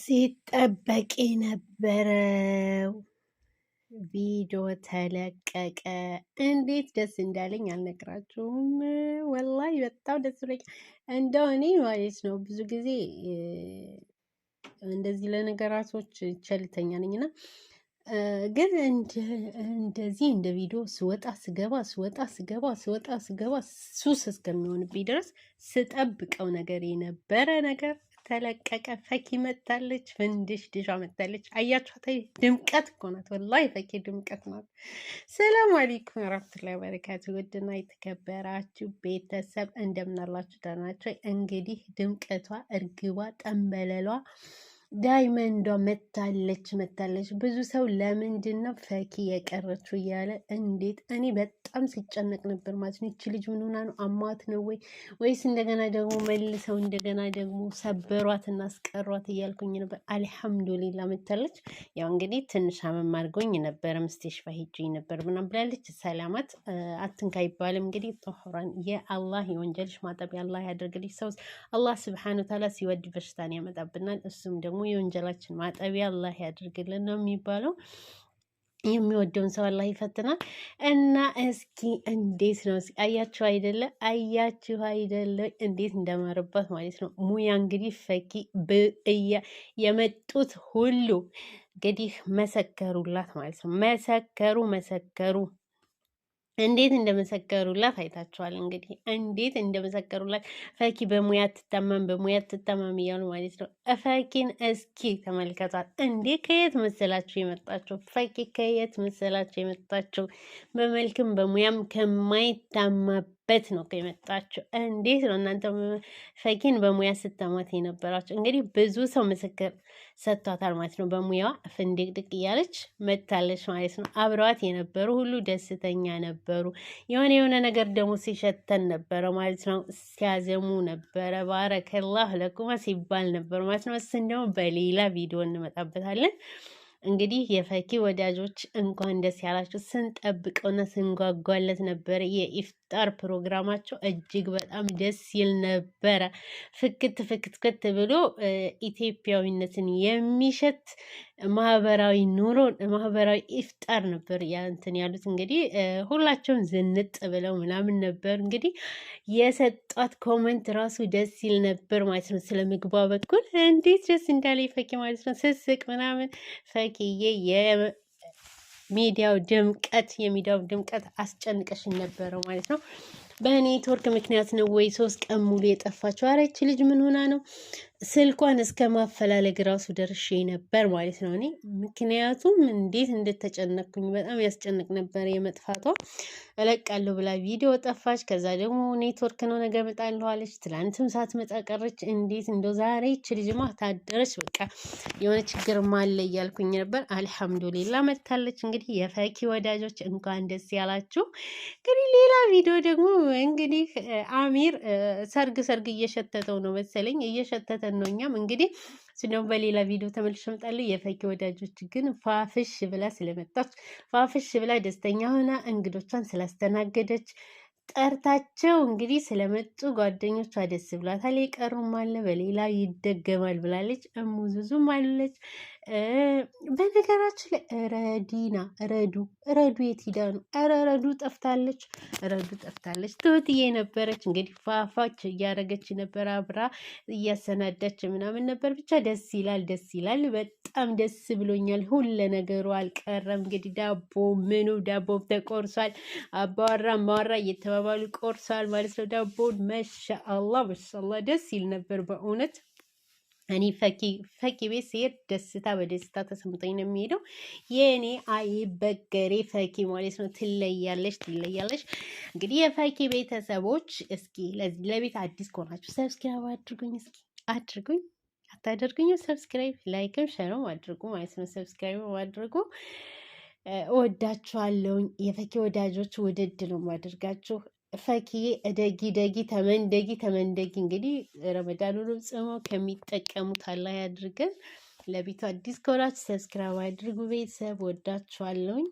ሲጠበቅ የነበረው ቪዲዮ ተለቀቀ። እንዴት ደስ እንዳለኝ አልነግራችሁም። ወላሂ በጣም ደስ ብሎኛል። እንደው እኔ ማለት ነው ብዙ ጊዜ እንደዚህ ለነገራቶች ቸልተኛ ነኝ እና ግን እንደዚህ እንደ ቪዲዮ ስወጣ ስገባ ስወጣ ስገባ ስወጣ ስገባ ሱስ እስከሚሆንብኝ ድረስ ስጠብቀው ነገር የነበረ ነገር ተለቀቀ። ፈኪ መጣለች፣ ፍንድሽ ድሿ መጣለች። አያችኋት? ድምቀት እኮ ናት። ወላሂ ፈኪ ድምቀት ናት። ሰላም አለይኩም ወራህመቱላሂ ወበረካቱ። ውድና የተከበራችሁ ቤተሰብ እንደምናላችሁ ደህና ናቸው። እንግዲህ ድምቀቷ፣ እርግቧ፣ ጠንበለሏ ዳይመንዷ መታለች መታለች። ብዙ ሰው ለምንድን ነው ፈኪ የቀረችው እያለ እንዴት እኔ በጣም ሲጨነቅ ነበር ማለት ነው። ይቺ ልጅ ምን ሆና ነው? አሟት ነው ወይ ወይስ እንደገና ደግሞ መልሰው እንደገና ደግሞ ሰበሯት እና አስቀሯት እያልኩኝ ነበር። አልሐምዱሊላ መታለች። ያው እንግዲህ ትንሽ አመም አድርጎኝ ነበር፣ ምስቴሽፋ ሂጅ ነበር ምናም ብላለች። ሰላማት አትንካ ይባልም እንግዲህ ጦሁራን የአላህ የወንጀልሽ ማጠቢያ አላህ ያደርግልሽ። ሰው አላህ ስብሓን ታላ ሲወድ በሽታን ያመጣብናል። እሱም ደግሞ የወንጀላችን ማጠቢያ አላህ ያድርግልን ነው የሚባለው። የሚወደውን ሰው አላህ ይፈትናል። እና እስኪ እንዴት ነው አያችሁ አይደለ? አያችሁ አይደለ? እንዴት እንደማረባት ማለት ነው። ሙያ እንግዲህ ፈኪ ብእያ የመጡት ሁሉ እንግዲህ መሰከሩላት ማለት ነው። መሰከሩ መሰከሩ እንዴት እንደመሰከሩላት አይታችኋል። እንግዲህ እንዴት እንደመሰከሩላት ፈኪ በሙያ ትታመም በሙያ ትታመም እያሉ ማለት ነው። ፈኪን እስኪ ተመልከቷት እንዴ! ከየት መሰላችሁ የመጣችሁ? ፈኪ ከየት መሰላችሁ የመጣችሁ? በመልክም በሙያም ከማይታማ በት ነው የመጣችው። እንዴት ነው እናንተ ፈኪን በሙያ ስተማት የነበራቸው? እንግዲህ ብዙ ሰው ምስክር ሰጥቷታል ማለት ነው። በሙያዋ ፍንድቅድቅ እያለች መታለች ማለት ነው። አብረዋት የነበሩ ሁሉ ደስተኛ ነበሩ። የሆነ የሆነ ነገር ደግሞ ሲሸተን ነበረ ማለት ነው። ሲያዘሙ ነበረ። ባረከላህ ለኩማ ሲባል ነበር ማለት ነው። እሱን ደግሞ በሌላ ቪዲዮ እንመጣበታለን። እንግዲህ የፈኪ ወዳጆች እንኳን ደስ ያላችሁ። ስንጠብቀውና ስንጓጓለት ነበረ የኢፍ የኢፍጣር ፕሮግራማቸው እጅግ በጣም ደስ ይል ነበረ። ፍክት ክት ብሎ ኢትዮጵያዊነትን የሚሸት ማህበራዊ ኑሮ ማህበራዊ ኢፍጣር ነበር ያንትን ያሉት እንግዲህ ሁላቸውም ዝንጥ ብለው ምናምን ነበር እንግዲህ የሰጧት ኮመንት ራሱ ደስ ይል ነበር ማለት ነው። ስለ ምግቧ በኩል እንዴት ደስ እንዳለ ፈኪ ማለት ነው። ስስቅ ምናምን ፈኪዬ ሚዲያው ድምቀት የሚዲያው ድምቀት አስጨንቀሽ ነበረው ማለት ነው። በኔትወርክ ምክንያት ነው ወይ ሶስት ቀን ሙሉ የጠፋችው? አረች ልጅ ምን ሆና ነው? ስልኳን እስከ ማፈላለግ ራሱ ደርሼ ነበር ማለት ነው እኔ። ምክንያቱም እንዴት እንደተጨነቅኩኝ በጣም ያስጨንቅ ነበር። የመጥፋቷ እለቃለሁ ብላ ቪዲዮ ጠፋች። ከዛ ደግሞ ኔትወርክ ነው ነገር እመጣለሁ አለች። ትላንትም ሳትመጣ ቀረች። እንዴት እንደ ዛሬ ይች ልጅማ ታደረች። በቃ የሆነ ችግር ማለ እያልኩኝ ነበር። አልሐምዱሊላ መጥታለች። እንግዲህ የፈኪ ወዳጆች እንኳን ደስ ያላችሁ። እንግዲህ ሌላ ቪዲዮ ደግሞ እንግዲህ አሚር ሰርግ ሰርግ እየሸተተው ነው መሰለኝ እየሸተተ ብለን ነው። እኛም እንግዲህ ስለም በሌላ ቪዲዮ ተመልሼ እመጣለሁ። የፈኪ ወዳጆች ግን ፋፍሽ ብላ ስለመጣች ፋፍሽ ብላ ደስተኛ ሆና እንግዶቿን ስላስተናገደች ጠርታቸው እንግዲህ ስለመጡ ጓደኞቿ ደስ ብሏታል። የቀሩም አለ በሌላ ይደገማል ብላለች። እሙዙዙም አለች። በነገራችን ላይ ረዲና ረዱ ረዱ የት ሂዳ ነው? ረ ረዱ ጠፍታለች፣ ረዱ ጠፍታለች። ትሁትዬ ነበረች እንግዲህ ፋፋች እያደረገች ነበር፣ አብራ እያሰናዳች ምናምን ነበር። ብቻ ደስ ይላል፣ ደስ ይላል። በጣም ደስ ብሎኛል። ሁለ ነገሩ አልቀረም። እንግዲህ ዳቦ ምኑ ዳቦ ተቆርሷል። አባወራ ማወራ እየተባባሉ ቆርሷል ማለት ነው ዳቦን። መሻአላ መሻአላ፣ ደስ ይል ነበር በእውነት እኔ ፈኪ ቤት ስሄድ ደስታ በደስታ ተሰምቶኝ ነው የሚሄደው። የእኔ በገሬ ፈኪ ማለት ነው። ትለያለች ትለያለች። እንግዲህ የፈኪ ቤተሰቦች እስኪ ለዚህ ለቤት አዲስ ከሆናችሁ ሰብስክራይብ አድርጉኝ፣ እስኪ አድርጉኝ። አታደርጉኝ ሰብስክራይብ፣ ላይክም ሸርም አድርጉ ማለት ነው። ሰብስክራይብ አድርጉ። እወዳችኋለሁኝ። የፈኪ ወዳጆች ውድድ ነው ማደርጋችሁ። ፈኪ እደጊ ደጊ ተመን ደጊ ተመን ደጊ እንግዲህ ረመዳኑንም ጽሞ ከሚጠቀሙት አላህ ያድርገን። ለቤቱ አዲስ ከሆናችሁ ሰብስክራይብ አድርጉ። ቤተሰብ ወዳችኋለሁኝ።